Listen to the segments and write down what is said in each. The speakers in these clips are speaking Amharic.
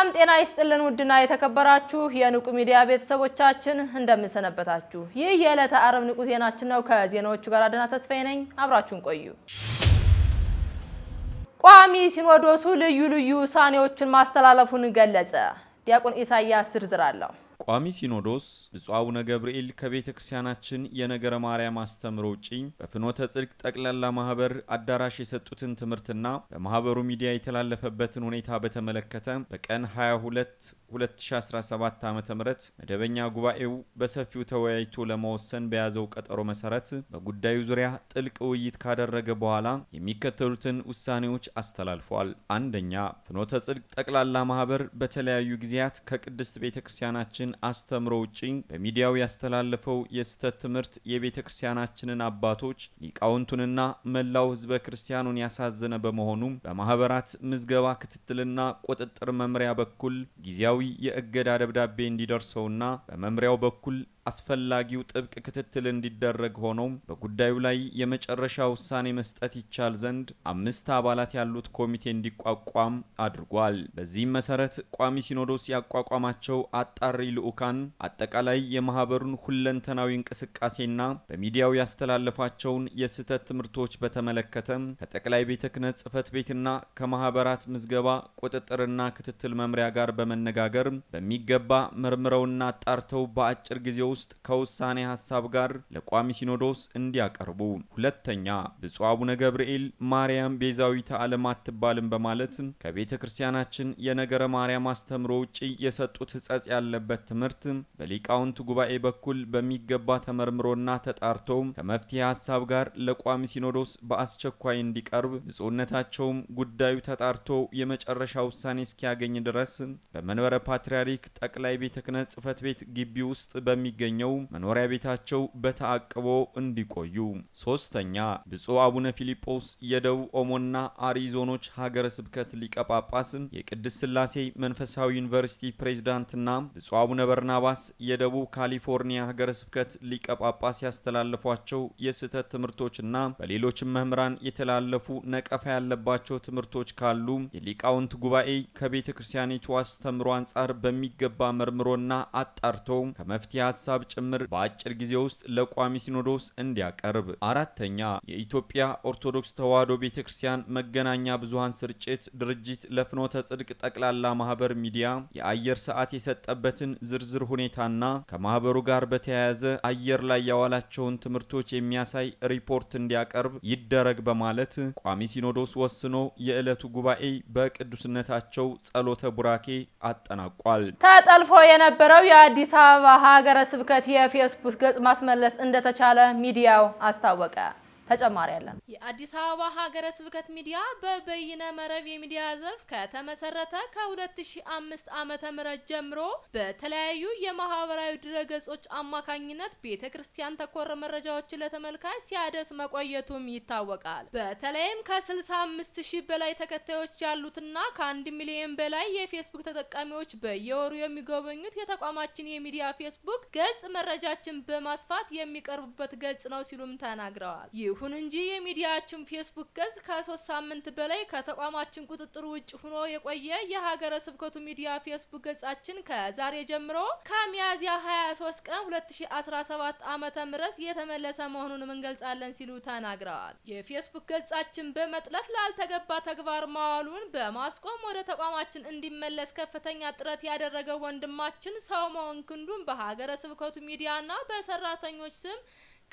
ሰላም ጤና ይስጥልን። ውድና የተከበራችሁ የንቁ ሚዲያ ቤተሰቦቻችን እንደምንሰነበታችሁ። ይህ የዕለተ አረብ ንቁ ዜናችን ነው። ከዜናዎቹ ጋር አድና ተስፋዬ ነኝ። አብራችሁን ቆዩ። ቋሚ ሲኖዶሱ ልዩ ልዩ ውሳኔዎችን ማስተላለፉን ገለጸ። ዲያቆን ኢሳያስ ዝርዝር አለው። ቋሚ ሲኖዶስ ብፁዕ አቡነ ገብርኤል ከቤተ ክርስቲያናችን የነገረ ማርያም አስተምሮ ውጪ በፍኖተ ጽድቅ ጠቅላላ ማህበር አዳራሽ የሰጡትን ትምህርትና በማህበሩ ሚዲያ የተላለፈበትን ሁኔታ በተመለከተ በቀን 22 2017 ዓ ም መደበኛ ጉባኤው በሰፊው ተወያይቶ ለመወሰን በያዘው ቀጠሮ መሰረት በጉዳዩ ዙሪያ ጥልቅ ውይይት ካደረገ በኋላ የሚከተሉትን ውሳኔዎች አስተላልፏል። አንደኛ ፍኖተ ጽድቅ ጠቅላላ ማህበር በተለያዩ ጊዜያት ከቅድስት ቤተ ክርስቲያናችን አስተምሮ ውጪ በሚዲያው ያስተላለፈው የስህተት ትምህርት የቤተ ክርስቲያናችንን አባቶች ሊቃውንቱንና መላው ህዝበ ክርስቲያኑን ያሳዘነ በመሆኑም በማህበራት ምዝገባ ክትትልና ቁጥጥር መምሪያ በኩል ጊዜያዊ የእገዳ ደብዳቤ እንዲደርሰውና በመምሪያው በኩል አስፈላጊው ጥብቅ ክትትል እንዲደረግ ሆኖም በጉዳዩ ላይ የመጨረሻ ውሳኔ መስጠት ይቻል ዘንድ አምስት አባላት ያሉት ኮሚቴ እንዲቋቋም አድርጓል። በዚህም መሰረት ቋሚ ሲኖዶስ ያቋቋማቸው አጣሪ ልዑካን አጠቃላይ የማህበሩን ሁለንተናዊ እንቅስቃሴና በሚዲያው ያስተላለፋቸውን የስህተት ትምህርቶች በተመለከተ ከጠቅላይ ቤተ ክህነት ጽህፈት ቤትና ከማህበራት ምዝገባ ቁጥጥርና ክትትል መምሪያ ጋር በመነጋገር በሚገባ መርምረውና አጣርተው በአጭር ጊዜ ውስጥ ውስጥ ከውሳኔ ሀሳብ ጋር ለቋሚ ሲኖዶስ እንዲያቀርቡ። ሁለተኛ ብፁዕ አቡነ ገብርኤል ማርያም ቤዛዊተ ዓለም አትባልም በማለት ከቤተ ክርስቲያናችን የነገረ ማርያም አስተምሮ ውጪ የሰጡት ሕጸጽ ያለበት ትምህርት በሊቃውንት ጉባኤ በኩል በሚገባ ተመርምሮና ተጣርቶ ከመፍትሄ ሀሳብ ጋር ለቋሚ ሲኖዶስ በአስቸኳይ እንዲቀርብ ብፁዕነታቸውም ጉዳዩ ተጣርቶ የመጨረሻ ውሳኔ እስኪያገኝ ድረስ በመንበረ ፓትርያርክ ጠቅላይ ቤተ ክህነት ጽሕፈት ቤት ግቢ ውስጥ በሚ የሚገኘው መኖሪያ ቤታቸው በተአቅቦ እንዲቆዩ። ሶስተኛ ብፁዕ አቡነ ፊልጶስ የደቡብ ኦሞና አሪ ዞኖች ሀገረ ስብከት ሊቀ ጳጳስ የቅድስት ስላሴ መንፈሳዊ ዩኒቨርሲቲ ፕሬዝዳንትና ብፁዕ አቡነ በርናባስ የደቡብ ካሊፎርኒያ ሀገረ ስብከት ሊቀ ጳጳስ ያስተላለፏቸው የስህተት ትምህርቶችና በሌሎችም መምህራን የተላለፉ ነቀፋ ያለባቸው ትምህርቶች ካሉ የሊቃውንት ጉባኤ ከቤተ ክርስቲያኒቱ አስተምሮ አንጻር በሚገባ መርምሮና አጣርቶ ከመፍትሄ ሀሳብ ሀሳብ ጭምር በአጭር ጊዜ ውስጥ ለቋሚ ሲኖዶስ እንዲያቀርብ። አራተኛ የኢትዮጵያ ኦርቶዶክስ ተዋሕዶ ቤተ ክርስቲያን መገናኛ ብዙሀን ስርጭት ድርጅት ለፍኖተ ጽድቅ ጠቅላላ ማህበር ሚዲያ የአየር ሰዓት የሰጠበትን ዝርዝር ሁኔታና ከማህበሩ ጋር በተያያዘ አየር ላይ ያዋላቸውን ትምህርቶች የሚያሳይ ሪፖርት እንዲያቀርብ ይደረግ በማለት ቋሚ ሲኖዶስ ወስኖ የዕለቱ ጉባኤ በቅዱስነታቸው ጸሎተ ቡራኬ አጠናቋል። ተጠልፎ የነበረው የአዲስ አበባ ሀገረ ስብ ስብከት የፌስቡክ ገጽ ማስመለስ እንደተቻለ ሚዲያው አስታወቀ። ተጨማሪ ያለን የአዲስ አበባ ሀገረ ስብከት ሚዲያ በበይነ መረብ የሚዲያ ዘርፍ ከተመሰረተ ከ2005 ዓ ም ጀምሮ በተለያዩ የማህበራዊ ድረገጾች አማካኝነት ቤተ ክርስቲያን ተኮር መረጃዎችን ለተመልካች ሲያደርስ መቆየቱም ይታወቃል። በተለይም ከ65 ሺህ በላይ ተከታዮች ያሉትና ከ ከ1 ሚሊዮን በላይ የፌስቡክ ተጠቃሚዎች በየወሩ የሚጎበኙት የተቋማችን የሚዲያ ፌስቡክ ገጽ መረጃችን በማስፋት የሚቀርቡበት ገጽ ነው ሲሉም ተናግረዋል። ይሁን እንጂ የሚዲያችን ፌስቡክ ገጽ ከሶስት ሳምንት በላይ ከተቋማችን ቁጥጥር ውጭ ሆኖ የቆየ የሀገረ ስብከቱ ሚዲያ ፌስቡክ ገጻችን ከዛሬ ጀምሮ ከሚያዝያ 23 ቀን 2017 ዓ ም የተመለሰ መሆኑንም እንገልጻለን ሲሉ ተናግረዋል። የፌስቡክ ገጻችን በመጥለፍ ላልተገባ ተግባር ማዋሉን በማስቆም ወደ ተቋማችን እንዲመለስ ከፍተኛ ጥረት ያደረገ ወንድማችን መሆን ክንዱን በሀገረ ስብከቱ ሚዲያና በሰራተኞች ስም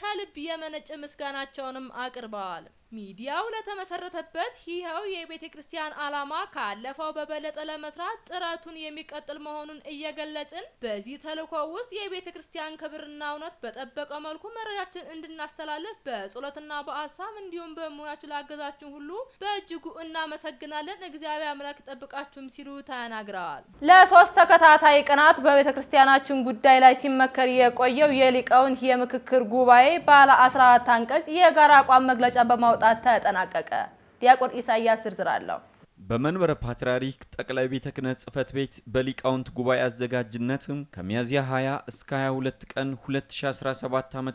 ከልብ የመነጨ ምስጋናቸውንም አቅርበዋል። ሚዲያው ለተመሰረተበት ይኸው የቤተ ክርስቲያን ዓላማ ካለፈው በበለጠ ለመስራት ጥረቱን የሚቀጥል መሆኑን እየገለጽን በዚህ ተልዕኮ ውስጥ የቤተ ክርስቲያን ክብርና እውነት በጠበቀ መልኩ መረጃችን እንድናስተላልፍ በጸሎትና በአሳብ እንዲሁም በሙያችሁ ላገዛችሁ ሁሉ በእጅጉ እናመሰግናለን። እግዚአብሔር አምላክ ይጠብቃችሁም ሲሉ ተናግረዋል። ለሶስት ተከታታይ ቀናት በቤተ ክርስቲያናችን ጉዳይ ላይ ሲመከር የቆየው የሊቃውንት የምክክር ጉባኤ ባለ 14 አንቀጽ የጋራ አቋም መግለጫ በማ ማውጣት ተጠናቀቀ። ዲያቆን ኢሳያስ ዝርዝር አለው። በመንበረ ፓትርያርክ ጠቅላይ ቤተ ክህነት ጽሕፈት ቤት በሊቃውንት ጉባኤ አዘጋጅነትም ከሚያዝያ 20 እስከ 22 ቀን 2017 ዓ.ም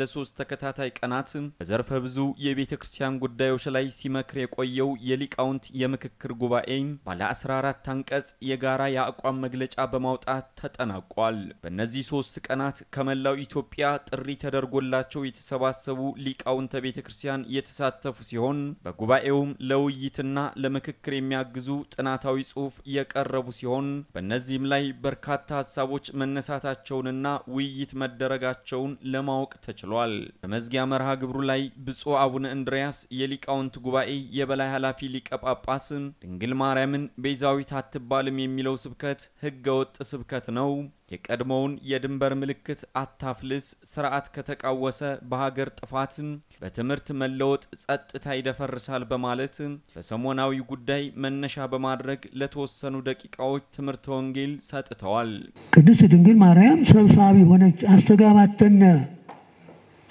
ለሶስት ተከታታይ ቀናት በዘርፈ ብዙ የቤተ ክርስቲያን ጉዳዮች ላይ ሲመክር የቆየው የሊቃውንት የምክክር ጉባኤ ባለ 14 አንቀጽ የጋራ የአቋም መግለጫ በማውጣት ተጠናቋል። በእነዚህ ሶስት ቀናት ከመላው ኢትዮጵያ ጥሪ ተደርጎላቸው የተሰባሰቡ ሊቃውንተ ቤተ ክርስቲያን የተሳተፉ ሲሆን በጉባኤውም ለውይይትና ለምክክር ምክክር የሚያግዙ ጥናታዊ ጽሑፍ የቀረቡ ሲሆን በእነዚህም ላይ በርካታ ሀሳቦች መነሳታቸውንና ውይይት መደረጋቸውን ለማወቅ ተችሏል። በመዝጊያ መርሃ ግብሩ ላይ ብፁዕ አቡነ እንድሪያስ የሊቃውንት ጉባኤ የበላይ ኃላፊ ሊቀ ጳጳስ ድንግል ማርያምን ቤዛዊት አትባልም የሚለው ስብከት ህገወጥ ስብከት ነው የቀድሞውን የድንበር ምልክት አታፍልስ። ስርዓት ከተቃወሰ በሀገር ጥፋት፣ በትምህርት መለወጥ ጸጥታ ይደፈርሳል በማለት በሰሞናዊ ጉዳይ መነሻ በማድረግ ለተወሰኑ ደቂቃዎች ትምህርተ ወንጌል ሰጥተዋል። ቅድስት ድንግል ማርያም ሰብሳቢ ሆነች፣ አስተጋባተነ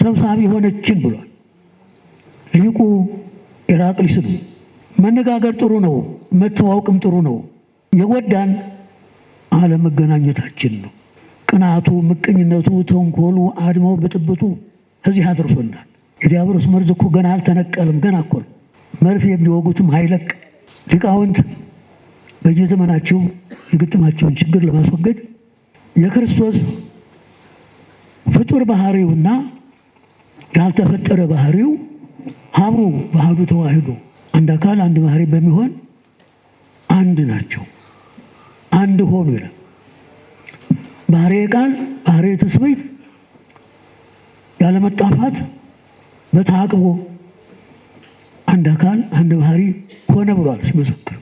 ሰብሳቢ ሆነችን ብሏል ሊቁ ኢራቅሊስ። መነጋገር ጥሩ ነው፣ መተዋወቅም ጥሩ ነው። የጎዳን አለመገናኘታችን ነው። ቅናቱ፣ ምቀኝነቱ፣ ተንኮሉ፣ አድማው፣ ብጥብጡ እዚህ አድርሶናል። የዲያብሎስ መርዝ እኮ ገና አልተነቀልም። ገና እኮ መርፌ የሚወጉትም አይለቅ። ሊቃውንት በየዘመናቸው የግጥማቸውን ችግር ለማስወገድ የክርስቶስ ፍጡር ባህሪውና ያልተፈጠረ ባህሪው ሀብሩ ባህዱ ተዋህዶ አንድ አካል አንድ ባህሪ በሚሆን አንድ ናቸው። አንድ ሆኑ ይላል። ባህሬ ቃል ባህሬ ትስብእት ያለመጣፋት በተአቅቦ አንድ አካል አንድ ባህሪ ሆነ ብሏል ሲመሰክር።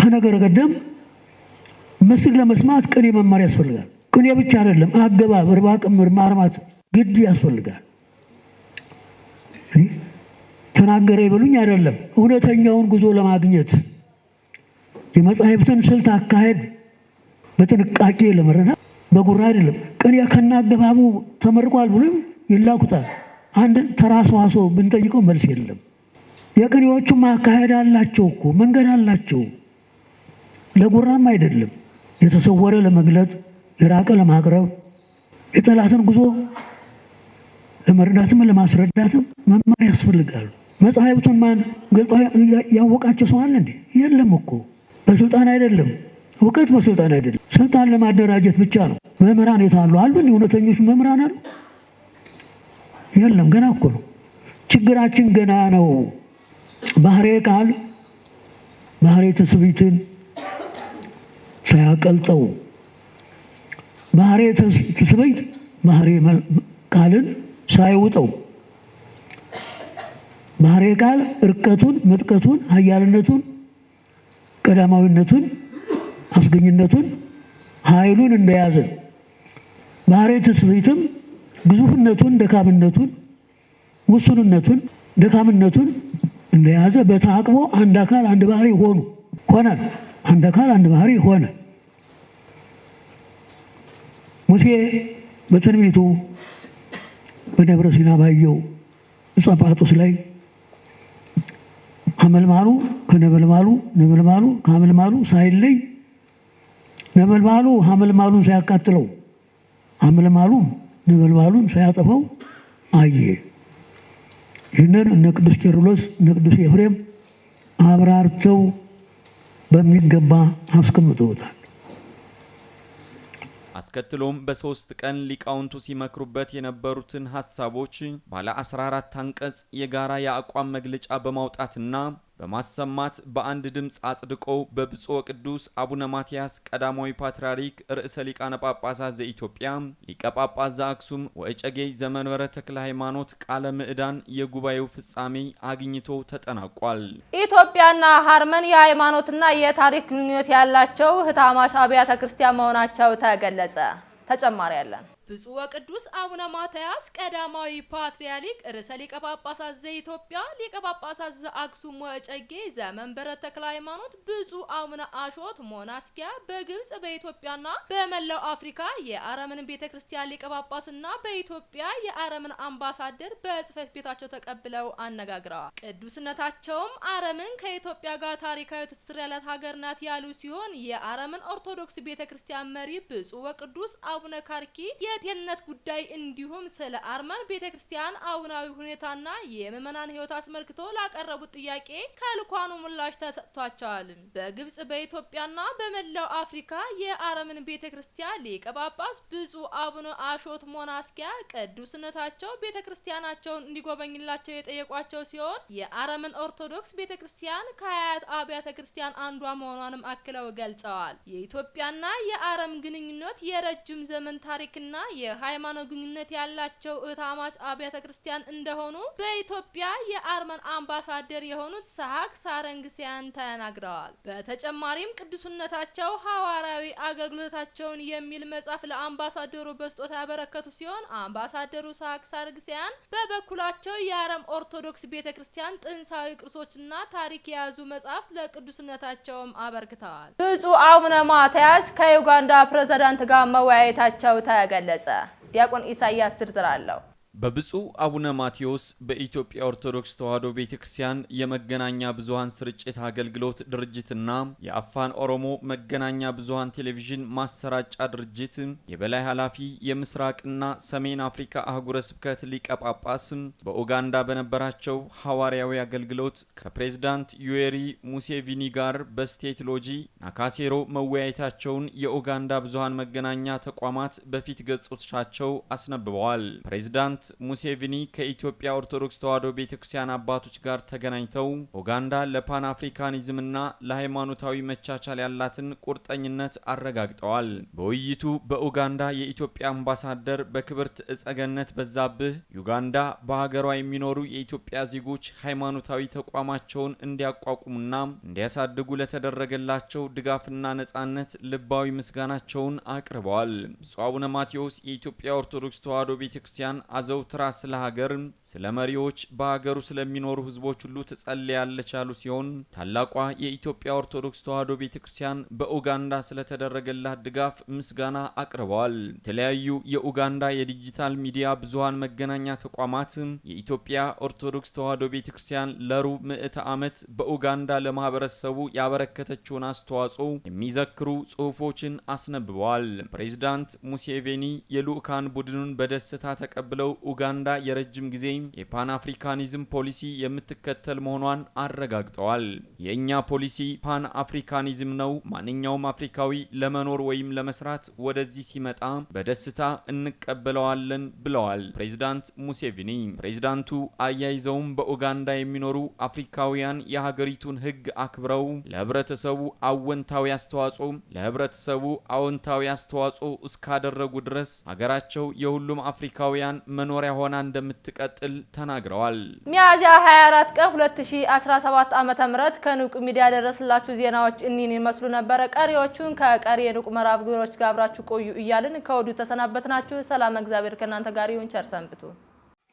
ከነገር ቀደም ምስል ለመስማት ቅኔ መማር ያስፈልጋል። ቅኔ ብቻ አይደለም፣ አገባብ፣ እርባ ቅምር ማርማት ግድ ያስፈልጋል። ተናገረ ይበሉኝ አይደለም እውነተኛውን ጉዞ ለማግኘት የመጽሐፍትን ስልት አካሄድ በጥንቃቄ ለመረዳት በጉራ አይደለም። ቅኔ ከናገባቡ ተመርቋል ብሎ ይላኩታል። አንድ ተራ ሰዋሰው ብንጠይቀው መልስ የለም። የቅኔዎቹም አካሄድ አላቸው እኮ መንገድ አላቸው። ለጉራም አይደለም። የተሰወረ ለመግለጥ፣ የራቀ ለማቅረብ፣ የጠላትን ጉዞ ለመረዳትም ለማስረዳትም መማር ያስፈልጋሉ። መጽሐፍቱን ማን ገልጦ ያወቃቸው ሰው አለ እንዴ? የለም እኮ በስልጣን አይደለም፣ እውቀት በስልጣን አይደለም፣ ስልጣን ለማደራጀት ብቻ ነው። መምህራን የታሉ አሉ? እንዲህ እውነተኞች መምህራን አሉ? የለም። ገና እኮ ነው ችግራችን፣ ገና ነው። ባህሬ ቃል ባህሬ ትስብእትን ሳያቀልጠው ባህሬ ትስብእት ባህሬ ቃልን ሳይውጠው ባህሬ ቃል እርቀቱን፣ ምጥቀቱን፣ ኃያልነቱን ቀዳማዊነቱን አስገኝነቱን ኃይሉን እንደያዘ ባህሬ ትስብእትም ግዙፍነቱን ደካምነቱን ውሱንነቱን ደካምነቱን እንደያዘ በተአቅቦ አንድ አካል አንድ ባህሪ ሆኑ ሆነ አንድ አካል አንድ ባህሪ ሆነ። ሙሴ በትንቢቱ በደብረ ሲና ባየው ዕፀ ጳጦስ ላይ አመልማሉ ከነበልባሉ ነበልባሉ ከሐመልማሉ ሳይለይ ነበልባሉ ሐመልማሉን ሳያቃጥለው ሐመልማሉም ነበልባሉን ሳያጠፈው አየ። ይህንን እነ ቅዱስ ቄርሎስ እነ ቅዱስ ኤፍሬም አብራርተው በሚገባ አስቀምጠውታል። አስከትሎም በሶስት ቀን ሊቃውንቱ ሲመክሩበት የነበሩትን ሀሳቦች ባለ 14 አንቀጽ የጋራ የአቋም መግለጫ በማውጣትና በማሰማት በአንድ ድምፅ አጽድቆ በብፁዕ ወቅዱስ አቡነ ማትያስ ቀዳማዊ ፓትርያርክ ርዕሰ ሊቃነ ጳጳሳት ዘኢትዮጵያ ሊቀ ጳጳስ ዘአክሱም ወእጨጌ ዘመንበረ ተክለ ሃይማኖት ቃለ ምዕዳን የጉባኤው ፍጻሜ አግኝቶ ተጠናቋል። ኢትዮጵያና ሀርመን የሃይማኖትና የታሪክ ግንኙነት ያላቸው ህታማሽ አብያተ ክርስቲያን መሆናቸው ተገለጸ። ተጨማሪ ያለን ብፁዕ ወቅዱስ አቡነ ማትያስ ቀዳማዊ ፓትርያርክ ርዕሰ ሊቀ ጳጳሳት ዘኢትዮጵያ ሊቀ ጳጳሳት ዘአክሱም ወጨጌ ዘመንበረ ተክለ ሃይማኖት ብፁዕ አቡነ አሾት ሞናስኪያ በግብጽ በኢትዮጵያና በመላው አፍሪካ የአረምን ቤተ ክርስቲያን ሊቀ ጳጳስና በኢትዮጵያ የአረምን አምባሳደር በጽህፈት ቤታቸው ተቀብለው አነጋግረዋል። ቅዱስነታቸውም አረምን ከኢትዮጵያ ጋር ታሪካዊ ትስስር ያላት ሀገር ናት ያሉ ሲሆን የአረምን ኦርቶዶክስ ቤተ ክርስቲያን መሪ ብፁዕ ወቅዱስ አቡነ ካርኪ የጤንነት ጉዳይ እንዲሁም ስለ አርመን ቤተ ክርስቲያን አሁናዊ ሁኔታና የምዕመናን ህይወት አስመልክቶ ላቀረቡት ጥያቄ ከልኳኑ ምላሽ ተሰጥቷቸዋል። በግብጽ በኢትዮጵያና በመላው አፍሪካ የአረምን ቤተ ክርስቲያን ሊቀ ጳጳስ ብፁዕ አቡነ አሾት ሞናስኪያ ቅዱስነታቸው ቤተ ክርስቲያናቸውን እንዲጎበኝላቸው የጠየቋቸው ሲሆን የአረምን ኦርቶዶክስ ቤተ ክርስቲያን ከሀያት አብያተ ክርስቲያን አንዷ መሆኗንም አክለው ገልጸዋል። የኢትዮጵያና የአረም ግንኙነት የረጅም ዘመን ታሪክና የሃይማኖት ግንኙነት ያላቸው እህትማማች አብያተ ክርስቲያን እንደሆኑ በኢትዮጵያ የአርመን አምባሳደር የሆኑት ሰሀክ ሳረንግሲያን ተናግረዋል። በተጨማሪም ቅዱስነታቸው ሐዋርያዊ አገልግሎታቸውን የሚል መጽሐፍ ለአምባሳደሩ በስጦታ ያበረከቱ ሲሆን አምባሳደሩ ሰሀክ ሳረንግሲያን በበኩላቸው የአረም ኦርቶዶክስ ቤተ ክርስቲያን ጥንሳዊ ቅርሶችና ታሪክ የያዙ መጽሐፍት ለቅዱስነታቸውም አበርክተዋል። ብፁዕ አቡነ ማትያስ ከዩጋንዳ ፕሬዝዳንት ጋር መወያየታቸው ተገለጸ። ገለጸ። ዲያቆን ኢሳያስ ዝርዝር አለው። በብፁዕ አቡነ ማቴዎስ በኢትዮጵያ ኦርቶዶክስ ተዋሕዶ ቤተ ክርስቲያን የመገናኛ ብዙኃን ስርጭት አገልግሎት ድርጅትና የአፋን ኦሮሞ መገናኛ ብዙኃን ቴሌቪዥን ማሰራጫ ድርጅት የበላይ ኃላፊ የምስራቅና ሰሜን አፍሪካ አህጉረ ስብከት ሊቀ ጳጳስ በኡጋንዳ በነበራቸው ሐዋርያዊ አገልግሎት ከፕሬዝዳንት ዩዌሪ ሙሴቪኒ ጋር በስቴት ሎጂ ናካሴሮ መወያየታቸውን የኡጋንዳ ብዙኃን መገናኛ ተቋማት በፊት ገጾቻቸው አስነብበዋል። ፕሬዝዳንት ሙሴቪኒ ከኢትዮጵያ ኦርቶዶክስ ተዋሕዶ ቤተ ክርስቲያን አባቶች ጋር ተገናኝተው ኡጋንዳ ለፓን አፍሪካኒዝምና ለሃይማኖታዊ መቻቻል ያላትን ቁርጠኝነት አረጋግጠዋል። በውይይቱ በኡጋንዳ የኢትዮጵያ አምባሳደር በክብርት እጸገነት በዛብህ ዩጋንዳ በሀገሯ የሚኖሩ የኢትዮጵያ ዜጎች ሃይማኖታዊ ተቋማቸውን እንዲያቋቁሙና እንዲያሳድጉ ለተደረገላቸው ድጋፍና ነጻነት ልባዊ ምስጋናቸውን አቅርበዋል። ብፁዕ አቡነ ማቴዎስ የኢትዮጵያ ኦርቶዶክስ ተዋሕዶ ቤተ ክርስቲያን አዘው ትራ ስለ ሀገር፣ ስለ መሪዎች፣ በሀገሩ ስለሚኖሩ ህዝቦች ሁሉ ትጸልያለች ያሉ ሲሆን ታላቋ የኢትዮጵያ ኦርቶዶክስ ተዋሕዶ ቤተ ክርስቲያን በኡጋንዳ ስለተደረገላት ድጋፍ ምስጋና አቅርበዋል። የተለያዩ የኡጋንዳ የዲጂታል ሚዲያ ብዙሀን መገናኛ ተቋማት የኢትዮጵያ ኦርቶዶክስ ተዋሕዶ ቤተ ክርስቲያን ለሩብ ምዕተ ዓመት በኡጋንዳ ለማህበረሰቡ ያበረከተችውን አስተዋጽኦ የሚዘክሩ ጽሁፎችን አስነብበዋል። ፕሬዚዳንት ሙሴቬኒ የልኡካን ቡድኑን በደስታ ተቀብለው ኡጋንዳ የረጅም ጊዜ የፓን አፍሪካኒዝም ፖሊሲ የምትከተል መሆኗን አረጋግጠዋል። የእኛ ፖሊሲ ፓን አፍሪካኒዝም ነው። ማንኛውም አፍሪካዊ ለመኖር ወይም ለመስራት ወደዚህ ሲመጣ በደስታ እንቀበለዋለን ብለዋል ፕሬዚዳንት ሙሴቪኒ። ፕሬዚዳንቱ አያይዘውም በኡጋንዳ የሚኖሩ አፍሪካውያን የሀገሪቱን ሕግ አክብረው ለህብረተሰቡ አወንታዊ አስተዋጽኦ ለህብረተሰቡ አዎንታዊ አስተዋጽኦ እስካደረጉ ድረስ ሀገራቸው የሁሉም አፍሪካውያን መ መኖሪያ ሆና እንደምትቀጥል ተናግረዋል። ሚያዝያ 24 ቀን 2017 ዓ ም ከንቁ ሚዲያ ያደረስላችሁ ዜናዎች እኒን ይመስሉ ነበረ። ቀሪዎቹን ከቀሪ የንቁ መራብ ግብሮች ጋር አብራችሁ ቆዩ እያልን ከወዱ ተሰናበትናችሁ። ሰላም፣ እግዚአብሔር ከእናንተ ጋር ይሁን። ቸር ሰንብቱ።